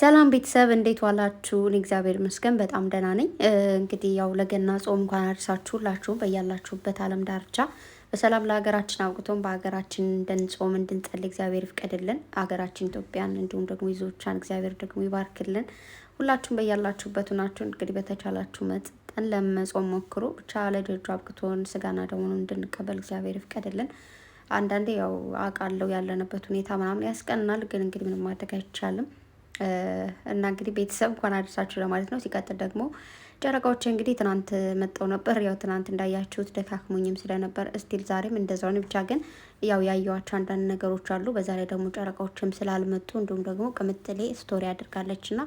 ሰላም ቤተሰብ እንዴት ዋላችሁ? እግዚአብሔር ይመስገን በጣም ደህና ነኝ። እንግዲህ ያው ለገና ጾም እንኳን አደረሳችሁ ሁላችሁም በያላችሁበት ዓለም ዳርቻ በሰላም ለሀገራችን አውቅቶም በሀገራችን እንድንጾም እንድንጸል እግዚአብሔር ይፍቀድልን። ሀገራችን ኢትዮጵያን እንዲሁም ደግሞ ይዞቻን እግዚአብሔር ደግሞ ይባርክልን። ሁላችሁም በያላችሁበት ናችሁ። እንግዲህ በተቻላችሁ መጠን ለመጾም ሞክሩ። ብቻ ለደጁ አብቅቶን ስጋና ደሙን እንድንቀበል እግዚአብሔር ይፍቀድልን። አንዳንዴ ያው አውቃለሁ ያለንበት ሁኔታ ምናምን ያስቀናል፣ ግን እንግዲህ ምንም ማድረግ አይቻልም። እና እንግዲህ ቤተሰብ እንኳን አደረሳችሁ ለማለት ነው። ሲቀጥል ደግሞ ጨረቃዎች እንግዲህ ትናንት መጠው ነበር። ያው ትናንት እንዳያችሁት ደካክሞኝም ስለነበር እስቲል ዛሬም እንደዛው ነው። ብቻ ግን ያው ያየዋቸው አንዳንድ ነገሮች አሉ። በዛ ላይ ደግሞ ጨረቃዎችም ስላልመጡ እንዲሁም ደግሞ ቅምጥሌ ስቶሪ አድርጋለች እና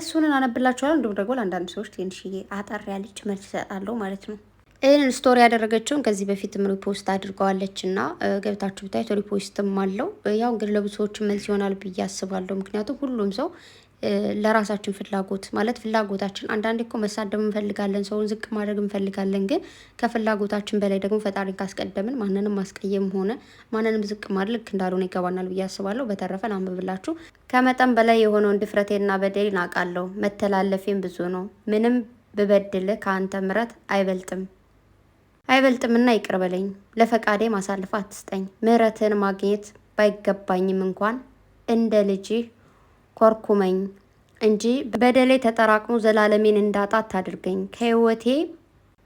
እሱንን አነብላችኋለሁ። እንዲሁም ደግሞ ለአንዳንድ ሰዎች ትንሽዬ አጠር ያለች መልስ ይሰጣለሁ ማለት ነው። ይህንን ስቶሪ ያደረገችውን ከዚህ በፊትም ሪፖስት አድርገዋለች እና ገብታችሁ ብታዩት ሪፖስትም አለው። ያው እንግዲህ ለብዙ ሰዎች መልስ ይሆናል ብዬ አስባለሁ። ምክንያቱም ሁሉም ሰው ለራሳችን ፍላጎት ማለት ፍላጎታችን አንዳንዴ እኮ መሳደብ እንፈልጋለን፣ ሰውን ዝቅ ማድረግ እንፈልጋለን። ግን ከፍላጎታችን በላይ ደግሞ ፈጣሪን ካስቀደምን ማንንም ማስቀየም ሆነ ማንንም ዝቅ ማድረግ ልክ እንዳልሆነ ይገባናል ብዬ አስባለሁ። በተረፈ ላንብብላችሁ። ከመጠን በላይ የሆነውን ድፍረቴና በደሌ ናቃለሁ። መተላለፌም ብዙ ነው። ምንም ብበድልህ ከአንተ ምሕረት አይበልጥም። አይበልጥምና ይቅር በለኝ፣ ለፈቃዴ ማሳልፍ አትስጠኝ። ምህረትን ማግኘት ባይገባኝም እንኳን እንደ ልጅህ ኮርኩመኝ እንጂ በደሌ ተጠራቅሞ ዘላለሜን እንዳጣ አታድርገኝ። ከህይወቴ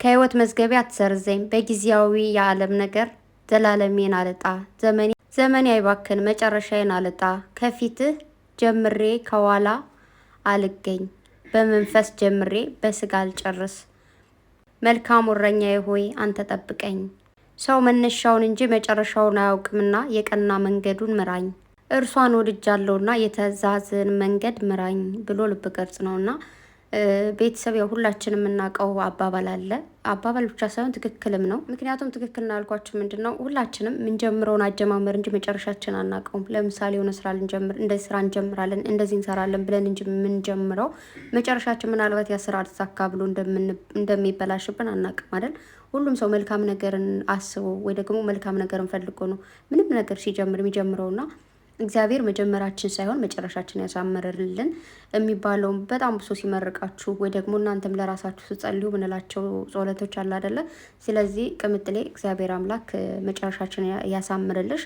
ከህይወት መዝገቤ አትሰርዘኝ። በጊዜያዊ የዓለም ነገር ዘላለሜን አልጣ፣ ዘመኔ ዘመኔ አይባክን፣ መጨረሻዬን አልጣ። ከፊትህ ጀምሬ ከኋላ አልገኝ፣ በመንፈስ ጀምሬ በስጋ አልጨርስ። መልካም እረኛዬ ሆይ አንተ ጠብቀኝ። ሰው መነሻውን እንጂ መጨረሻውን አያውቅምና የቀና መንገዱን ምራኝ፣ እርሷን ወድጃለሁና የተዛዝን መንገድ ምራኝ ብሎ ልብ ቅርጽ ነውና ቤተሰብ ያው ሁላችን የምናውቀው አባባል አለ። አባባል ብቻ ሳይሆን ትክክልም ነው። ምክንያቱም ትክክል ናልኳችሁ ምንድን ነው ሁላችንም የምንጀምረውን አጀማመር እንጂ መጨረሻችን አናውቀውም። ለምሳሌ የሆነ ስራ ልንጀምር እንደዚህ ስራ እንጀምራለን፣ እንደዚህ እንሰራለን ብለን እንጂ የምንጀምረው መጨረሻችን ምናልባት ያ ስራ አልተሳካ ብሎ እንደሚበላሽብን አናውቅም አይደል? ሁሉም ሰው መልካም ነገርን አስቦ ወይ ደግሞ መልካም ነገርን ፈልጎ ነው ምንም ነገር ሲጀምር የሚጀምረውና እግዚአብሔር መጀመራችን ሳይሆን መጨረሻችን ያሳምርልን የሚባለውን በጣም ብሶ ሲመርቃችሁ ወይ ደግሞ እናንተም ለራሳችሁ ስጸልዩ ምንላቸው ጸሎቶች አለ አደለ? ስለዚህ ቅምጥሌ እግዚአብሔር አምላክ መጨረሻችን ያሳምርልሽ።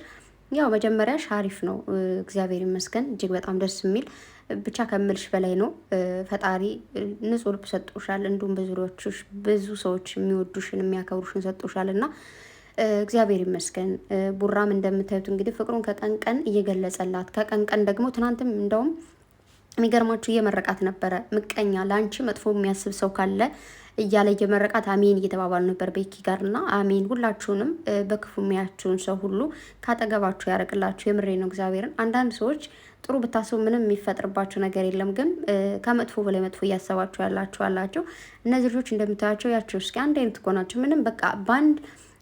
ያው መጀመሪያሽ አሪፍ ነው፣ እግዚአብሔር ይመስገን። እጅግ በጣም ደስ የሚል ብቻ ከምልሽ በላይ ነው። ፈጣሪ ንጹሕ ልብ ሰጦሻል። እንዲሁም በዙሪያዎችሽ ብዙ ሰዎች የሚወዱሽን የሚያከብሩሽን ሰጦሻል እና እግዚአብሔር ይመስገን። ቡራም እንደምታዩት እንግዲህ ፍቅሩን ከቀን ቀን እየገለጸላት ከቀን ቀን ደግሞ ትናንትም እንደውም የሚገርማችሁ እየመረቃት ነበረ። ምቀኛ ለአንቺ መጥፎ የሚያስብ ሰው ካለ እያለ እየመረቃት አሜን እየተባባሉ ነበር ቤኪ ጋር እና አሜን ሁላችሁንም በክፉ የሚያችሁን ሰው ሁሉ ካጠገባችሁ ያረቅላችሁ። የምሬ ነው እግዚአብሔርን። አንዳንድ ሰዎች ጥሩ ብታስቡ ምንም የሚፈጥርባቸው ነገር የለም፣ ግን ከመጥፎ በላይ መጥፎ እያሰባችሁ ያላችሁ አላቸው። እነዚህ ልጆች እንደምታያቸው ያቸው እስኪ አንድ አይነት እኮ ናቸው። ምንም በቃ በአንድ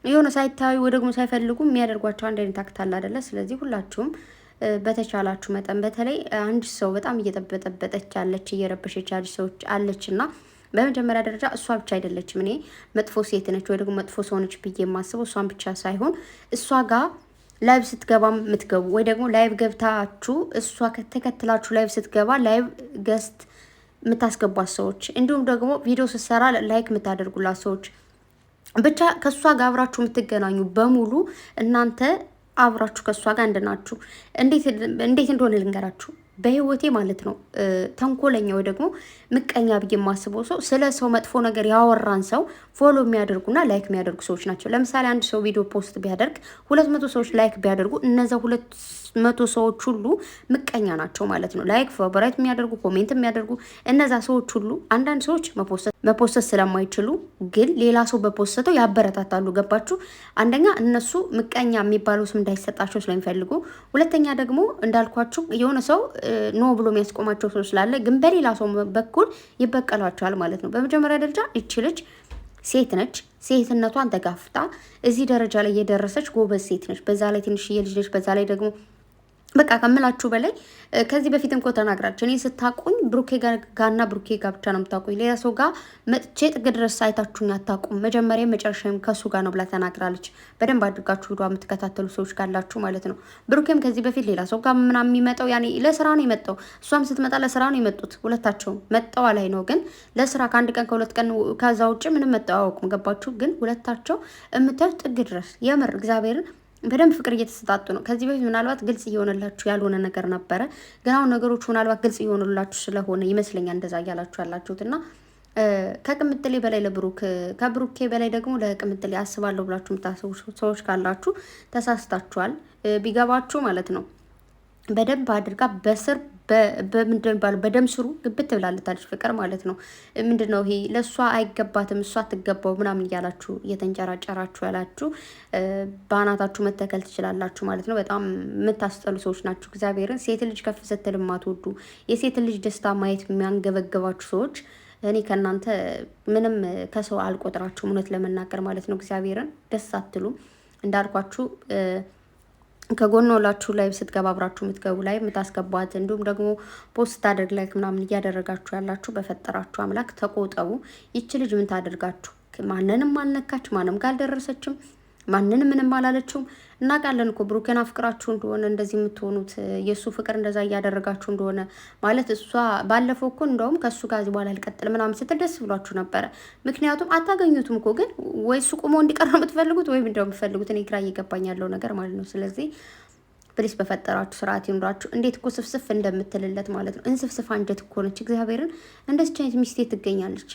የሆነ ሳይታዩ ወይ ደግሞ ሳይፈልጉ የሚያደርጓቸው አንድ አይነት አክት አለ አይደለ? ስለዚህ ሁላችሁም በተቻላችሁ መጠን በተለይ አንድ ሰው በጣም እየጠበጠበጠች ያለች እየረበሸች ያለች ሰዎች አለች እና በመጀመሪያ ደረጃ እሷ ብቻ አይደለችም። እኔ መጥፎ ሴት ነች ወይ ደግሞ መጥፎ ሰው ነች ብዬ የማስበው እሷን ብቻ ሳይሆን እሷ ጋር ላይቭ ስትገባም የምትገቡ ወይ ደግሞ ላይቭ ገብታችሁ እሷ ተከትላችሁ ላይቭ ስትገባ ላይቭ ገስት የምታስገቧት ሰዎች እንዲሁም ደግሞ ቪዲዮ ስትሰራ ላይክ የምታደርጉላት ሰዎች ብቻ ከእሷ ጋር አብራችሁ የምትገናኙ በሙሉ እናንተ አብራችሁ ከእሷ ጋር እንድናችሁ እንዴት እንደሆነ ልንገራችሁ። በህይወቴ ማለት ነው ተንኮለኛ ወይ ደግሞ ምቀኛ ብዬ የማስበው ሰው ስለ ሰው መጥፎ ነገር ያወራን ሰው ፎሎ የሚያደርጉና ላይክ የሚያደርጉ ሰዎች ናቸው። ለምሳሌ አንድ ሰው ቪዲዮ ፖስት ቢያደርግ ሁለት መቶ ሰዎች ላይክ ቢያደርጉ እነዚ ሁለት መቶ ሰዎች ሁሉ ምቀኛ ናቸው ማለት ነው። ላይክ ፌቨራይት የሚያደርጉ ኮሜንት የሚያደርጉ እነዛ ሰዎች ሁሉ አንዳንድ ሰዎች መፖሰት ስለማይችሉ ግን ሌላ ሰው በፖሰተው ያበረታታሉ። ገባችሁ? አንደኛ እነሱ ምቀኛ የሚባለው ስም እንዳይሰጣቸው ስለሚፈልጉ፣ ሁለተኛ ደግሞ እንዳልኳችሁ የሆነ ሰው ኖ ብሎ የሚያስቆማቸው ሰው ስላለ ግን በሌላ ሰው በኩል ይበቀሏቸዋል ማለት ነው። በመጀመሪያ ደረጃ ይቺ ልጅ ሴት ነች። ሴትነቷን ተጋፍጣ እዚህ ደረጃ ላይ የደረሰች ጎበዝ ሴት ነች። በዛ ላይ ትንሽዬ ልጅ ነች። በዛ ላይ ደግሞ በቃ ከምላችሁ በላይ ከዚህ በፊት እንኮ ተናግራችሁ እኔ ስታቁኝ ብሩኬ ጋና ብሩኬ ጋ ብቻ ነው የምታቁኝ። ሌላ ሰው ጋር መጥቼ ጥግ ድረስ አይታችሁኝ አታቁም። መጀመሪያ መጨረሻም ከሱ ጋር ነው ብላ ተናግራለች። በደንብ አድርጋችሁ ሄዷ የምትከታተሉ ሰዎች ካላችሁ ማለት ነው። ብሩኬም ከዚህ በፊት ሌላ ሰው ጋር ምናምን የሚመጣው ያኔ ለስራ ነው የመጣው። እሷም ስትመጣ ለስራ ነው የመጡት። ሁለታቸውም መጠው ላይ ነው ግን ለስራ ከአንድ ቀን ከሁለት ቀን ከዛ ውጭ ምንም መጠዋወቁም ገባችሁ። ግን ሁለታቸው የምታዩት ጥግ ድረስ የምር እግዚአብሔርን በደንብ ፍቅር እየተሰጣጡ ነው። ከዚህ በፊት ምናልባት ግልጽ እየሆነላችሁ ያልሆነ ነገር ነበረ፣ ግን አሁን ነገሮች ምናልባት ግልጽ እየሆኑላችሁ ስለሆነ ይመስለኛል እንደዛ እያላችሁ ያላችሁት እና ከቅምጥሌ በላይ ለብሩክ ከብሩኬ በላይ ደግሞ ለቅምጥሌ አስባለሁ ብላችሁ የምታስቡ ሰዎች ካላችሁ ተሳስታችኋል። ቢገባችሁ ማለት ነው በደንብ አድርጋ በስር በምንድን በደም ስሩ ግብት ትብላለታለች ፍቅር ማለት ነው። ምንድን ነው ይሄ ለእሷ አይገባትም እሷ አትገባው ምናምን እያላችሁ እየተንጨራጨራችሁ ያላችሁ በአናታችሁ መተከል ትችላላችሁ ማለት ነው። በጣም የምታስጠሉ ሰዎች ናችሁ። እግዚአብሔርን ሴት ልጅ ከፍ ስትል ማትወዱ የሴት ልጅ ደስታ ማየት የሚያንገበግባችሁ ሰዎች እኔ ከእናንተ ምንም ከሰው አልቆጥራችሁም እውነት ለመናገር ማለት ነው። እግዚአብሔርን ደስ አትሉም እንዳልኳችሁ ከጎን ሁላችሁ ላይ ስትገባ አብራችሁ የምትገቡ ላይ የምታስገቧት እንዲሁም ደግሞ ፖስት ስታደርግ ላይ ምናምን እያደረጋችሁ ያላችሁ በፈጠራችሁ አምላክ ተቆጠቡ። ይቺ ልጅ ምን ታደርጋችሁ? ማንንም አልነካች፣ ማንም ጋር አልደረሰችም። ማንን ምንም አላለችውም። እናውቃለን እኮ ብሩኬን አፍቅራችሁ እንደሆነ እንደዚህ የምትሆኑት የእሱ ፍቅር እንደዛ እያደረጋችሁ እንደሆነ ማለት እሷ ባለፈው እኮ እንደውም ከእሱ ጋር በኋላ አልቀጥል ምናምን ስትል ደስ ብሏችሁ ነበረ። ምክንያቱም አታገኙትም እኮ ግን ወይ እሱ ቁሞ እንዲቀር ነው የምትፈልጉት ወይም እንደው የምትፈልጉት እኔ ግራ እየገባኝ ያለው ነገር ማለት ነው። ስለዚህ ፕሊስ በፈጠራችሁ ስርዓት ይኑራችሁ። እንዴት እኮ ስፍስፍ እንደምትልለት ማለት ነው። እንስፍስፍ አንጀት እኮ ነች። እግዚአብሔርን እንደዚህ አይነት ሚስቴ ትገኛለች።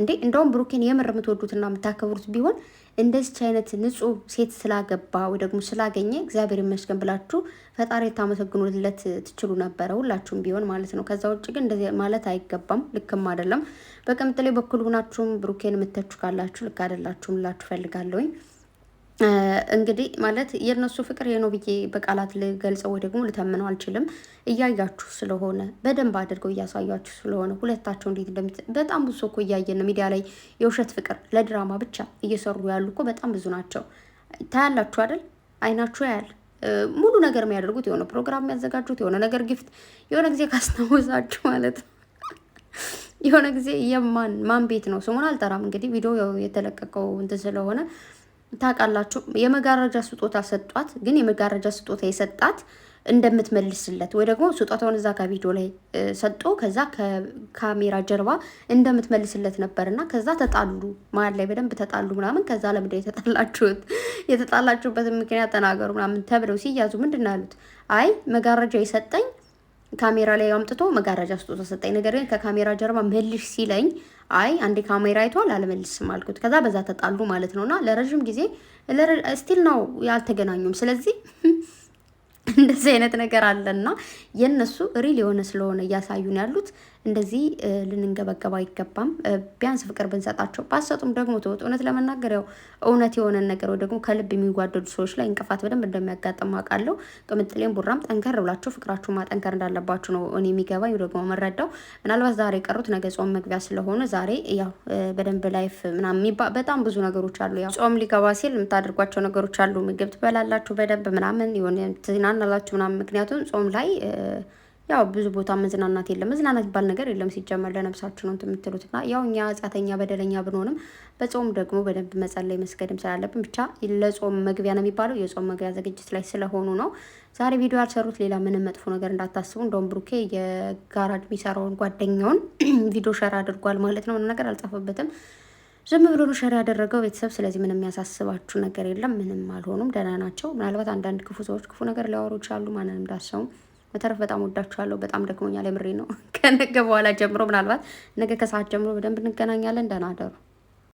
እንዴ እንደውም ብሩኬን የምር የምትወዱትና የምታከብሩት ቢሆን እንደዚች አይነት ንጹህ ሴት ስላገባ ወይ ደግሞ ስላገኘ እግዚአብሔር ይመስገን ብላችሁ ፈጣሪ የታመሰግኑለት ትችሉ ነበረ፣ ሁላችሁም ቢሆን ማለት ነው። ከዛ ውጭ ግን እንደዚህ ማለት አይገባም፣ ልክም አይደለም። በቅምጥሌ በኩል ሁናችሁም ብሩኬን የምተቹ ካላችሁ ልክ አይደላችሁም ላችሁ ፈልጋለሁኝ። እንግዲህ ማለት የእነሱ ፍቅር የኖ ብዬ በቃላት ልገልጸው ወይ ደግሞ ልተምነው አልችልም። እያያችሁ ስለሆነ በደንብ አድርገው እያሳያችሁ ስለሆነ ሁለታቸው እንዴት እንደሚት በጣም ብዙ እኮ እያየን ነው። ሚዲያ ላይ የውሸት ፍቅር ለድራማ ብቻ እየሰሩ ያሉ እኮ በጣም ብዙ ናቸው። ታያላችሁ አይደል? አይናችሁ ያያል። ሙሉ ነገር የሚያደርጉት የሆነ ፕሮግራም የሚያዘጋጁት የሆነ ነገር ጊፍት የሆነ ጊዜ ካስታወሳችሁ ማለት ነው የሆነ ጊዜ የማን ማን ቤት ነው ስሙን አልጠራም። እንግዲህ ቪዲዮ የተለቀቀው እንትን ስለሆነ ታውቃላችሁ የመጋረጃ ስጦታ ሰጧት። ግን የመጋረጃ ስጦታ የሰጣት እንደምትመልስለት ወይ ደግሞ ስጦታውን እዛ ከቪዲዮ ላይ ሰጦ ከዛ ከካሜራ ጀርባ እንደምትመልስለት ነበር እና ከዛ ተጣሉ። መሀል ላይ በደንብ ተጣሉ ምናምን። ከዛ ለምንድን የተጣላችሁት የተጣላችሁበትን ምክንያት ተናገሩ ምናምን ተብለው ሲያዙ ምንድን ነው ያሉት? አይ መጋረጃ የሰጠኝ ካሜራ ላይ አምጥቶ መጋረጃ ስጦታ ሰጠኝ። ነገር ግን ከካሜራ ጀርባ መልሽ ሲለኝ አይ አንዴ ካሜራ አይቷል አልመልስም አልኩት። ከዛ በዛ ተጣሉ ማለት ነውና ለረዥም ጊዜ ስቲል ነው ያልተገናኙም። ስለዚህ እንደዚህ አይነት ነገር አለና የነሱ ሪል የሆነ ስለሆነ እያሳዩን ያሉት እንደዚህ ልንንገበገብ አይገባም። ቢያንስ ፍቅር ብንሰጣቸው፣ ባሰጡም ደግሞ ትወጡ። እውነት ለመናገር ያው እውነት የሆነን ነገር ወይ ደግሞ ከልብ የሚዋደዱ ሰዎች ላይ እንቅፋት በደንብ እንደሚያጋጥም አውቃለሁ። ቅምጥሌም ቡራም ጠንከር ብላቸው ፍቅራችሁ ማጠንከር እንዳለባችሁ ነው እኔ የሚገባኝ ደግሞ መረዳው። ምናልባት ዛሬ የቀሩት ነገ ጾም መግቢያ ስለሆነ ዛሬ ያው በደንብ ላይፍ ምናምን በጣም ብዙ ነገሮች አሉ። ያው ጾም ሊገባ ሲል የምታደርጓቸው ነገሮች አሉ። ምግብ ትበላላችሁ በደንብ ምናምን ትዝናናላችሁ ምናምን ምክንያቱም ጾም ላይ ያው ብዙ ቦታ መዝናናት የለም። መዝናናት ይባል ነገር የለም ሲጀመር ለነብሳችሁ ነው የምትሉት። እና ያው እኛ ኃጢአተኛ በደለኛ ብንሆንም በጾም ደግሞ በደንብ መጸለይ መስገድም ስላለብን ብቻ ለጾም መግቢያ ነው የሚባለው የጾም መግቢያ ዝግጅት ላይ ስለሆኑ ነው ዛሬ ቪዲዮ ያልሰሩት። ሌላ ምንም መጥፎ ነገር እንዳታስቡ። እንደውም ብሩኬ የጋራጅ የሚሰራውን ጓደኛውን ቪዲዮ ሸር አድርጓል ማለት ነው። ነገር አልጻፈበትም ዝም ብሎ ነው ሸር ያደረገው ቤተሰብ። ስለዚህ ምንም የሚያሳስባችሁ ነገር የለም። ምንም አልሆኑም፣ ደህና ናቸው። ምናልባት አንዳንድ ክፉ ሰዎች ክፉ ነገር ሊያወሩ ይችላሉ። ማንንም እንዳሰውም በተረፍ በጣም ወዳችኋለሁ። በጣም ደክሞኛል፣ የምሬ ነው። ከነገ በኋላ ጀምሮ ምናልባት ነገ ከሰዓት ጀምሮ በደንብ እንገናኛለን። ደህና አደሩ።